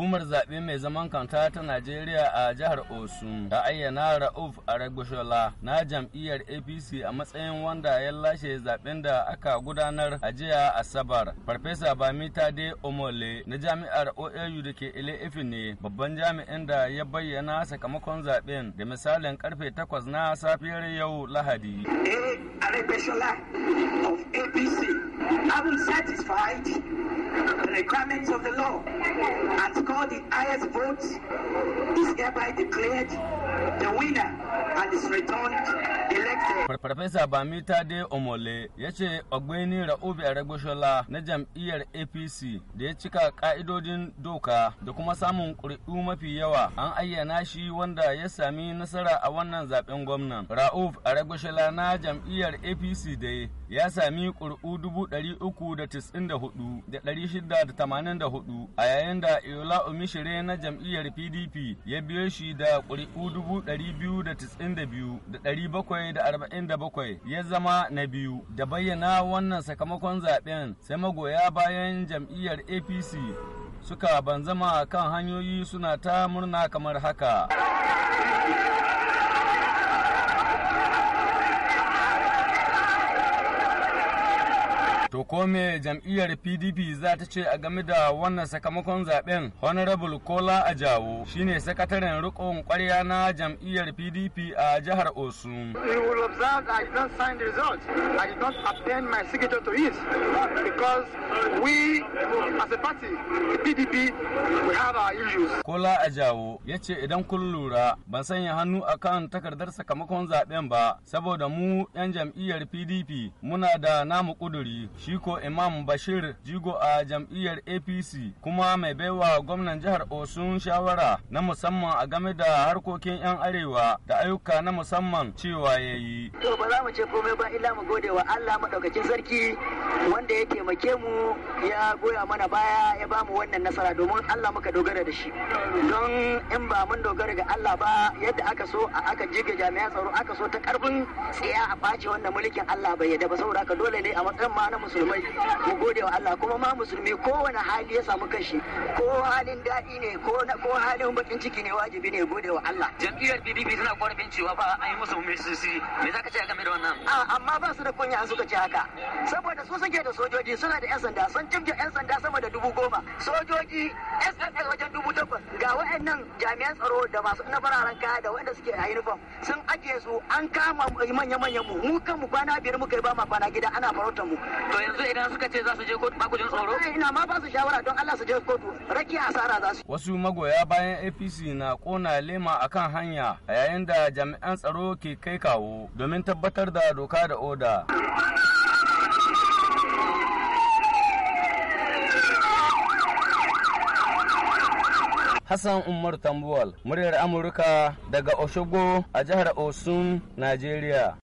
Hukumar zaɓe mai zaman kanta ta Najeriya a jihar Osun ta ayyana Ra'uf Aragbashola na jam'iyyar APC a matsayin wanda ya lashe zaɓen da aka gudanar a jiya Asabar. Farfesa Bamita De Omole na jami'ar OAU da ke ile ne babban jami'in da ya bayyana sakamakon zaɓen da misalin karfe takwas na safiyar yau Lahadi. Eh, Aragbashola of APC, I'm satisfied requirements of the law and score the highest votes thereby declared the winner and is returned Farfesa Bamita De Omole ya ce ogbeni Ra'ubi Arẹ́gbẹ́ṣọlá na jam'iyyar APC da ya cika ka'idodin doka da kuma samun ƙuri'u mafi yawa an ayyana shi wanda ya sami nasara a wannan zaben gwamnan. a Arẹ́gbẹ́ṣọlá na jam'iyyar APC da ya sami ƙuri'u hudu a yayin da Iola Omishire na jam'iyyar PDP ya biyo shi da ƙuri'u dubu ɗari biyu da tis'in da biyu da ɗari bakwai da arba'in da bakwai ya zama na biyu da bayyana wannan sakamakon zaɓen sai magoya bayan jam'iyyar apc suka banzama kan hanyoyi suna ta murna kamar haka. To ko me jam'iyyar PDP za ta ce a game da wannan sakamakon zaben Honorable Kola Ajawo shine sakataren rikon kwarya na jam'iyyar PDP a jihar Osun. You will observe I don't sign the result. I did not obtain my signature to it because we as a party pdp we have our issues kola ajawo ya ce idan kun lura ban sanya hannu akan takardar sakamakon zaben ba saboda mu yan jam'iyyar pdp muna da namu kuduri shi ko imam bashir jigo a jam'iyyar apc kuma mai baiwa gwamnan jihar osun shawara na musamman a game da harkokin yan arewa da ayyuka na musamman cewa ya yi to ba za mu ce komai ba illa mu gode wa allah maɗaukakin sarki wanda ya taimake mu ya goya mana baya ya ba mu wannan nasara domin Allah muka dogara da shi don in ba mun dogara ga Allah ba yadda aka so a aka jige jami'an tsaro aka so ta karbin tsaya a ɓace wannan mulkin Allah bai yadda ba saboda ka dole ne a matsayin ma na musulmai mu gode wa Allah kuma ma musulmi kowane hali ya samu kanshi ko halin daɗi ne ko na ko halin bakin ciki ne wajibi ne gode wa Allah jam'iyyar PDP suna korafin cewa ba an yi musu mesisi me zaka ce game da wannan amma ba su da kunya an suka ce haka saboda su suke da sojoji suna da 'yan sanda sun cimke 'yan sanda sama da dubu goma sojoji ss wajen dubu takwas ga wa'annan jami'an tsaro da masu na fararen kaya da wanda suke a uniform sun ajiye su an kama eh, manya-manyan mu mu kanmu kwana biyar muka yi ba ma kwana gida ana farautar mu to yanzu idan suka ce za su je kotu bakujin tsoro ina ma ba su shawara don Allah su je kotu raki asara za su wasu magoya bayan APC na kona lema akan hanya a yayin da jami'an tsaro ke kai kawo domin tabbatar da doka da oda Hassan Umar Tambuwal, muryar Amurka daga Oshogo a jihar Osun, Najeriya.